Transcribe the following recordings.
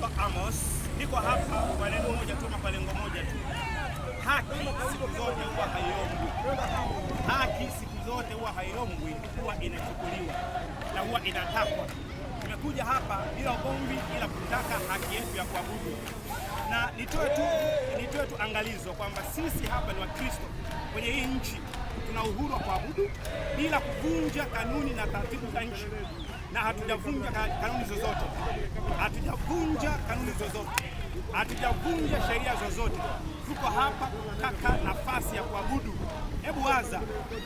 naitwa Amos, niko hapa kwa lengo moja tu, kwa lengo moja tu, haki siku zote huwa haiombwi. Haki siku zote huwa haiombwi, huwa inachukuliwa na huwa inatakwa. Tumekuja hapa bila ugomvi, ila kutaka haki yetu ya kuabudu, na nitoe tu nitoe tu angalizo kwamba sisi hapa ni Wakristo kwenye hii nchi, tuna uhuru wa kuabudu bila kuvunja kanuni na taratibu za nchi na hatujavunja kanuni zozote, hatujavunja kanuni zozote, hatujavunja sheria zozote. Tuko hapa kaka nafasi ya kuabudu. Hebu waza,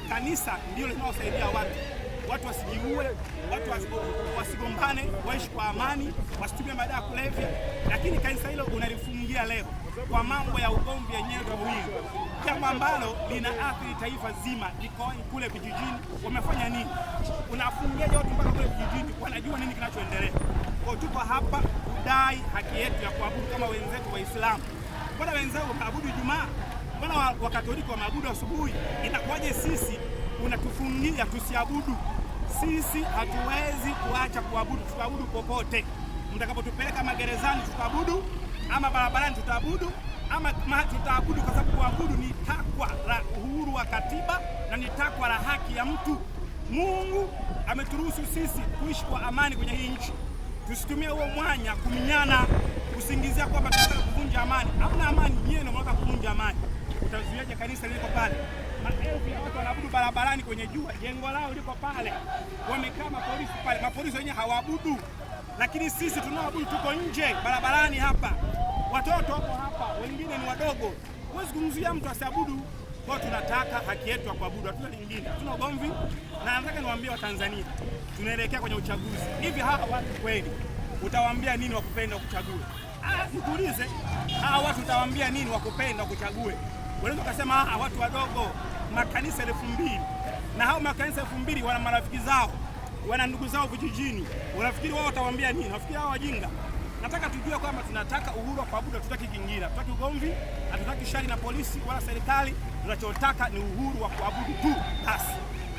kanisa ndio linalosaidia watu watu wasijiue, watu wasigombane, waishi kwa amani, wasitumie madawa ya kulevya, lakini kanisa hilo unalifungia leo kwa mambo ya ugomvi yenyewe jambo ambalo athiri taifa zima likoi kule vijijini. Wamefanya nini? Unafungiaje watu mpaka kule vijijini? Wanajua nini kinachoendelea? Kwa tuko hapa kudai haki yetu ya kuabudu kama wenzetu Waislamu. Mbona wenzao waabudu Ijumaa? Mbona Wakatoliki wameabudu asubuhi? Inakuwaje sisi unatufungia tusiabudu? Sisi hatuwezi kuacha kuabudu, tutaabudu popote. Mtakapotupeleka magerezani tutaabudu, ama barabarani tutaabudu ama tutaabudu, kwa sababu kuabudu ni takwa la uhuru wa katiba na ni takwa la haki ya mtu. Mungu ameturuhusu sisi kuishi kwa amani kwenye hii nchi, tusitumie huo mwanya kuminyana, kusingizia kwamba tunataka kuvunja amani. Hamna amani, nyewe ndio mnataka kuvunja amani. Utazuiaje kanisa liko pale? Maelfu ya watu wanaabudu barabarani, kwenye jua, jengo lao liko pale, wamekaa mapolisi pale. Mapolisi wenyewe hawaabudu, lakini sisi tunaoabudu tuko nje barabarani hapa watoto hapo hapa, wengine ni wadogo, huwezi kumzuia mtu asiabudu. Kwa tunataka haki yetu ya kuabudu, hatuna lingine, hatuna ugomvi. Na nataka niwaambie Watanzania, tunaelekea kwenye uchaguzi. Hivi hawa watu kweli utawaambia nini wakupenda kuchagua? Ah, nikuulize, hawa watu utawaambia nini wakupenda kuchague? Unaweza ukasema ah, watu wadogo, makanisa elfu mbili na hao makanisa elfu mbili wana marafiki zao, wana ndugu zao vijijini. Unafikiri wao watawaambia nini? Nafikiri hawa wajinga nataka tujue kwamba tunataka uhuru wa kuabudu, hatutaki kingine, hatutaki ugomvi, hatutaki shari na polisi wala serikali. Tunachotaka ni uhuru wa kuabudu tu basi.